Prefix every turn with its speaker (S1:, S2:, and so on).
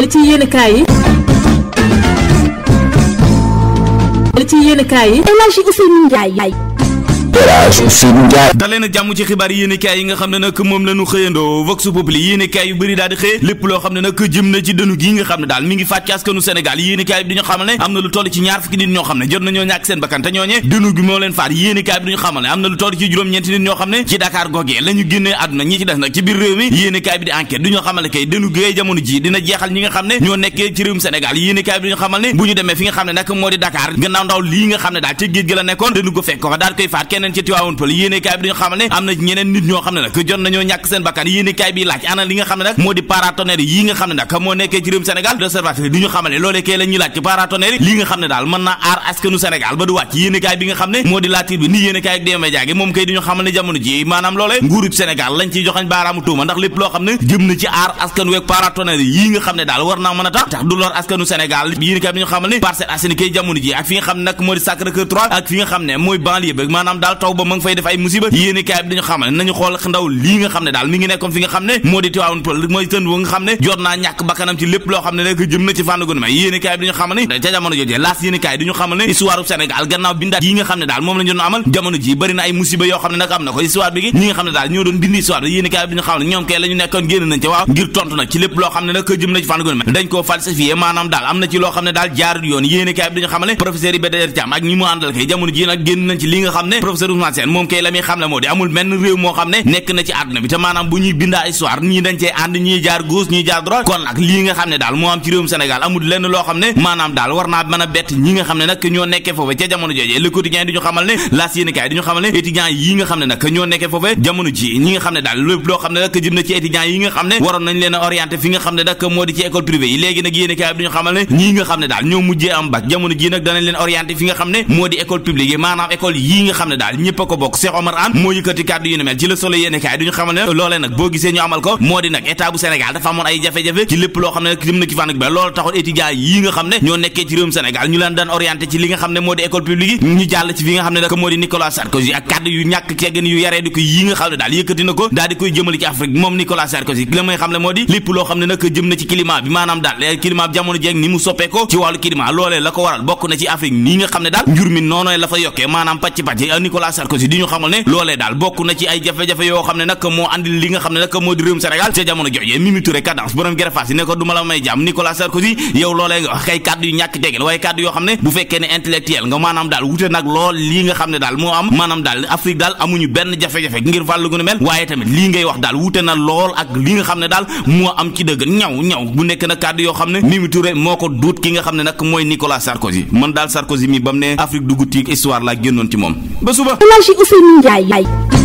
S1: li ci yenn kaay yi li ci yenn yi El Hadji Ousseynou daleen jàmm ci xibaar yéenekaay yi bi duñu xamal ne am na lu toll ci ñaar fukki nit ñoo xam ne jot nag ci biir réew mi yéenekaay bi di enquête duñu xamal ne kay dënu gi jamono ji dina jeexal ñi nga xam ne ñoo nekkee ci réewum Sénégal yéenekaay bi duñu xamal ne bu ñu demee fi nga xam ne nag moo di Dakar gannaaw ndaw lii nga xam ne daal ci géej gi la nekkoon dënu ko fekk ko daal koy faat keneen ci Tivaouane Peulh yéene bi dañu xamal ne am na ñeneen nit ñoo xam ne nag moo di paratonnerre yi nga ak fi nga xam ne mooy banlieue bi maanaam daal taw ba ma fay def ay musiba yéen i bi dañu xamal nañu xool ndaw lii nga xam ne daal mi ngi nekkoon fi nga xam ne moo di tiwaawoon wa nga xam xamal ne ca jamono jooje laas yéen daal am na ko histoire xam ne daal ñoo doon bind bi dañu xamal ne ñoom kay la ñu nekkoon génn nañ ca waaw ngir tontu nag ci lépp ci fànn gu xam ne daal yi Badara Thiam ak ñi mu àndal kay jamono ji nag génn nañ ci li nga xam ne Ousmane Sène moom kay la muy xam ne moo di amul benn réew moo xam ne nekk na ci àdduna bi te maanaam bu ñuy bindaa histoire ñii dañ cee ànd ñii jaar gauche ñii jaar droite kon nag lii nga xam ne daal moo am ci réewum Sénégal amul lenn loo xam ne maanaam daal war naa mën a bett ñi nga xam ne nag ñoo nekkee foofe ca jamono jooje le quotidien di ñu xamal ne laas yéen kaay di ñu xamal ne étudiants yi nga xam ne nag ñoo nekkee foofe jamono ji ñi nga xam ne daal lépp loo xam ne nag jëm na ci étudiants yi nga xam ne waroon nañ leen a orienté fi nga xam ne nag moo di ci école privée yi léegi nag yéen kaay bi di ñu xamal ne ñii nga xam ne daal ñoo mujjee am bac jamono ji nag danañ leen orienté fi nga xam ne moo di école publique yi maanaam école yi nga xam ne daal ñëpp ko bokk Cheikh Omar Anne moo yëkkati kàddu yu ne mel ci Le Soleil yéene du ñu xamal ne loolee nag boo gisee ñu amal ko moo di nag état bu dafa amoon ay jafe-jafe ci lépp loo xam ne nag na ci fànn bi loolu taxoon étudiants yi ko yi ne ci Afrique bi maanaam daal eh, climat bi jamono ni mu soppee ko ci wàllu climat loolee la ko waral bokk na ci Afrique nii nga xam ne daal njur mi noonoo la fa yokkee maanaam pàcc pàcc eh, Nicolas Sarkozy di ñu xamal ne loolee daal bokk na ci ay jafe-jafe yoo xam ne nag moo andi li nga xam ne nag bu fekkee ne na lool ak li nga xam ki nga xam ne nag mooy Nicolas Sarkozy man daal Sarkozy mi bam ne Afrique dugut yi histoire laa génnoon ci moom ba suba El Hadji Ousseynou Ndiaye